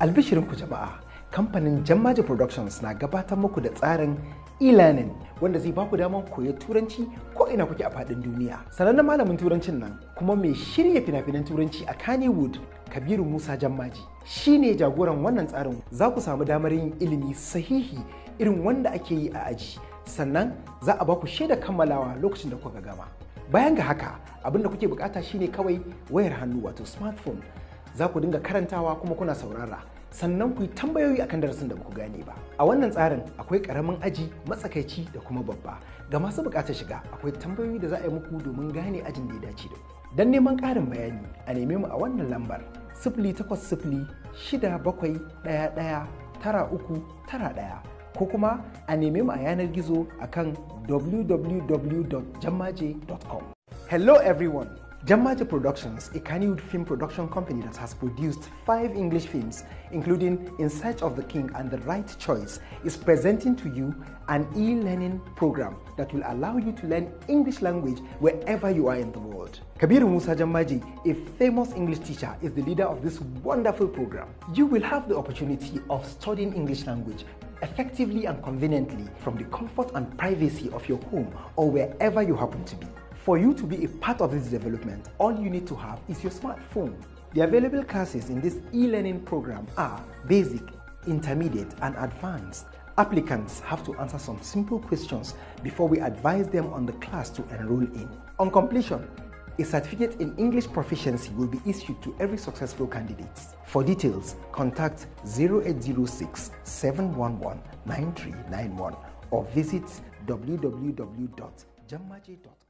Albishirinku jama'a, kamfanin Jammaji Productions na gabatar muku da tsarin e-learning wanda zai baku damar koyon turanci ko ina kuke a faɗin duniya. Sanannen malamin turancin nan kuma mai shirya fina-finan turanci a Kannywood Kabiru Musa Jammaji shi ne jagoran wannan tsarin za ku samu damar yin ilimi sahihi irin wanda ake yi a aji sannan za a baku shaida kammalawa lokacin da kuka gama. Bayan ga haka abin da kuke bukata shine kawai wayar hannu wato smartphone za ku dinga karantawa kuma kuna saurara sannan ku yi tambayoyi akan darasin da ku gane ba a wannan tsarin akwai karamin aji matsakaici da kuma babba ga masu bukatar shiga akwai tambayoyi da za a yi muku domin gane ajin da ya dace da ku don neman ƙarin bayani a neme mu a wannan lambar shida bakwai ɗaya ko kuma a neme mu a yanar gizo akan www.jammaje.com hello everyone Jamaji Productions, a Kannywood film production company that has produced five English films, including In Search of the King and The Right Choice, is presenting to you an e-learning program that will allow you to learn English language wherever you are in the world. Kabir Musa Jamaji, a famous English teacher, is the leader of this wonderful program. You will have the opportunity of studying English language effectively and conveniently from the comfort and privacy of your home or wherever you happen to be. For you to be a part of this development, all you need to have is your smartphone. The available classes in this e-learning program are basic, intermediate, and advanced. Applicants have to answer some simple questions before we advise them on the class to enroll in. On completion, a certificate in English proficiency will be issued to every successful candidate. For details, contact 0806 711 9391 or visit www.jammaji.com.